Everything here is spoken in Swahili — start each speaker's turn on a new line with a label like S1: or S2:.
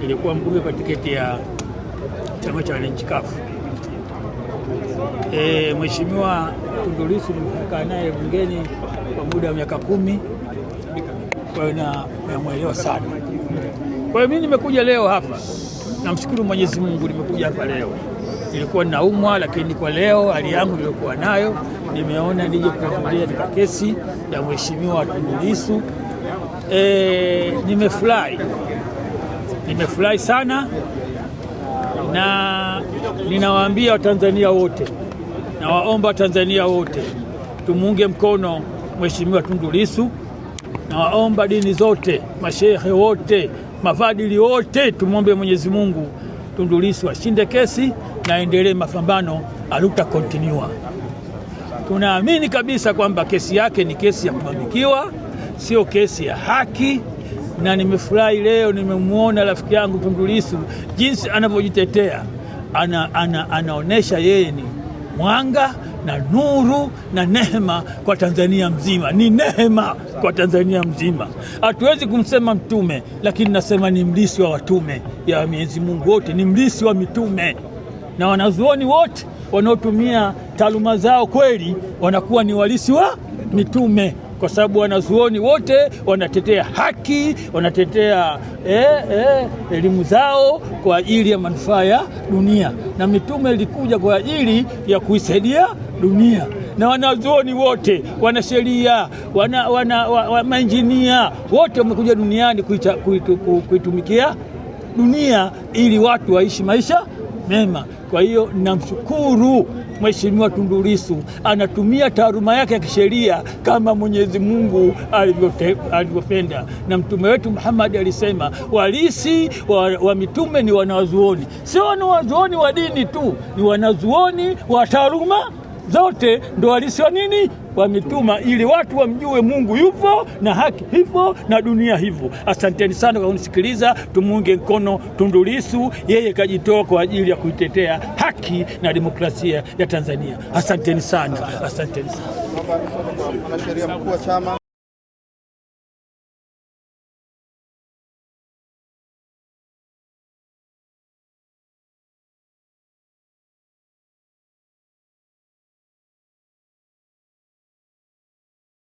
S1: nilikuwa mbunge kwa tiketi ya chama cha wananchi kafu. E, Mheshimiwa Tundu Lissu nimekaa naye bungeni kwa muda wa miaka kumi, kwa hiyo namwelewa sana. Kwa hiyo mimi nimekuja leo hapa, namshukuru Mwenyezi Mungu, nimekuja hapa leo. Nilikuwa naumwa, lakini kwa leo hali yangu niliyokuwa nayo nimeona nije kuhudhuria katika kesi ya Mheshimiwa Tundu Lissu. E, nimefurahi Nimefurahi sana na ninawaambia Watanzania wote, nawaomba Watanzania wote tumuunge mkono Mheshimiwa Tundu Lissu. Nawaomba dini zote, mashehe wote, mafadili wote, tumwombe Mwenyezi Mungu Tundu Lissu ashinde kesi na endelee mapambano aluta kontinua. Tunaamini kabisa kwamba kesi yake ni kesi ya kubambikiwa, sio kesi ya haki na nimefurahi leo nimemwona rafiki yangu Tundu Lissu jinsi anavyojitetea ana, ana, anaonyesha yeye ni mwanga na nuru na neema kwa Tanzania mzima, ni neema kwa Tanzania mzima. Hatuwezi kumsema mtume, lakini nasema ni mlisi wa watume ya Mwenyezi Mungu wote, ni mlisi wa mitume, na wanazuoni wote wanaotumia taaluma zao kweli wanakuwa ni walisi wa mitume kwa sababu wanazuoni wote wanatetea haki, wanatetea elimu eh, eh, elimu zao kwa ajili ya manufaa ya dunia, na mitume ilikuja kwa ajili ya kuisaidia dunia na wanazuoni wote, sheria wana, wana, wana, mainjinia wote wamekuja duniani kuitumikia kuitu, kuitu, dunia ili watu waishi maisha mema. Kwa hiyo namshukuru Mheshimiwa Tundu Lissu anatumia taaluma yake ya kisheria kama Mwenyezi Mungu alivyopenda, na mtume wetu Muhammad alisema walisi wa, wa mitume ni wanazuoni, sio wanazuoni wa dini tu, ni wanazuoni wa taaluma zote, ndo walisi wa nini wametuma ili watu wamjue Mungu yupo na haki hivyo na dunia hivyo. Asanteni sana kwa kunisikiliza. Tumuunge mkono Tundu Lissu, yeye kajitoa kwa ajili ya kuitetea haki na demokrasia ya Tanzania. Asanteni sana, asanteni sana.